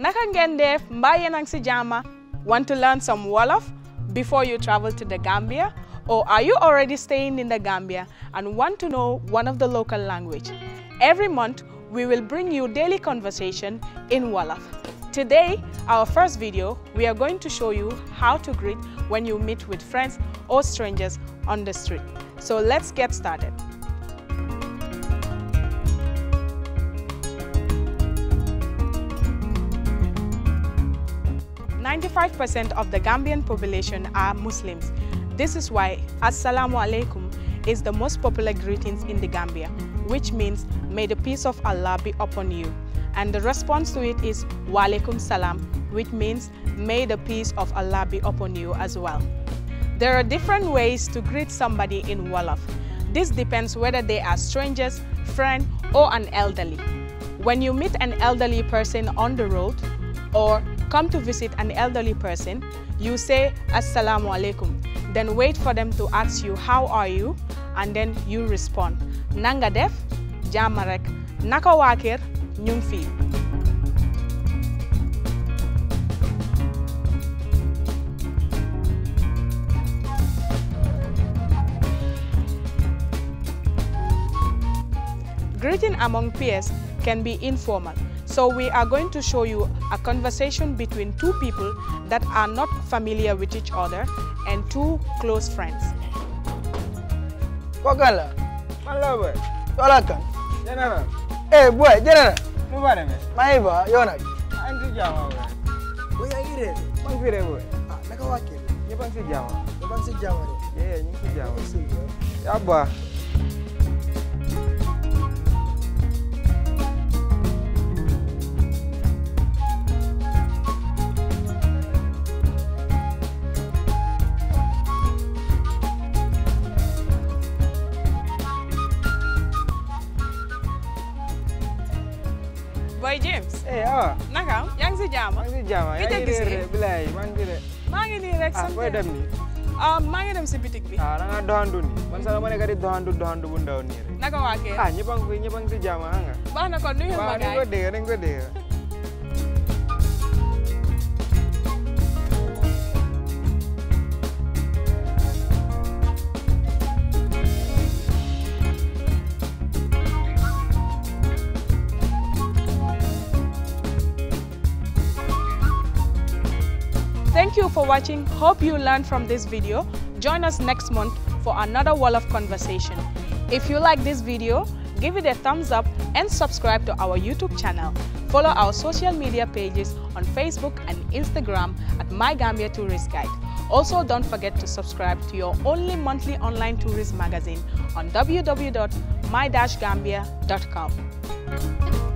naka ngeen def mbaa si jàmm want to learn some Wolof before you travel to the Gambia or are you staying in the Gambia and want to know one of the local language every month we will bring you daily conversation in Wolof today our first video when you meet with friends or strangers on the street so let's get started 95% of the Gambian population are Muslims. This is why Assalamu alaikum is the most popular greetings in the Gambia, which means may the peace of Allah be upon you. And the response to it is wa alaikum salam, which means may the peace of Allah be upon you as well. There are different ways to greet somebody in Wolof. This depends whether they are strangers, friend, or an elderly. When you meet an elderly person on the road or come to visit an elderly person, you say Assalamu alaikum. Then wait for them to ask you, How are you? And then you respond, Nanga Jamarek, Naka Nyumfi. can be informal So we are going to show you a conversation between two people that are not familiar with each other and two close friends. Kokan la? Man la boy. Yola kan? Jenana. Eh boy, jenana. Mu bare me? Maa ngi ba, yow nag. Maa ngi si jàmm boy. Boy yaa ngi ree. Maa ngi fi ree boy. Ah naka waa kër? Ñëpp a ngi si jàmm. Ñëpp a ngi si jàmm de. Eh ñu ngi si jàmm. Yaa baax. booy James. eh awa. naka am yaa ngi si jàmm. yaa ngi si jàmm yaa ngi réer de bilaay maa ngi de. maa ngi nii rek ah, sant. ah booy dem nii. ah maa ngi dem si bitik bi. ah da ngaa doxandu nii man sax ma nekk di doxandu doxandu bu ndaw nii rek. naka waa kër. ah a a nga. baax na kon nuyu ma gars yi waaw ni nga ko dégg ni nga Thank you for watching. Hope you learned from this video. Join us next month for another Wall of Conversation. If you like this video, give it a thumbs up and subscribe to our YouTube channel. Follow our social media pages on Facebook and Instagram at My Gambia Tourist Guide. Also, don't forget to subscribe to your only monthly online tourist magazine on www.my-gambia.com.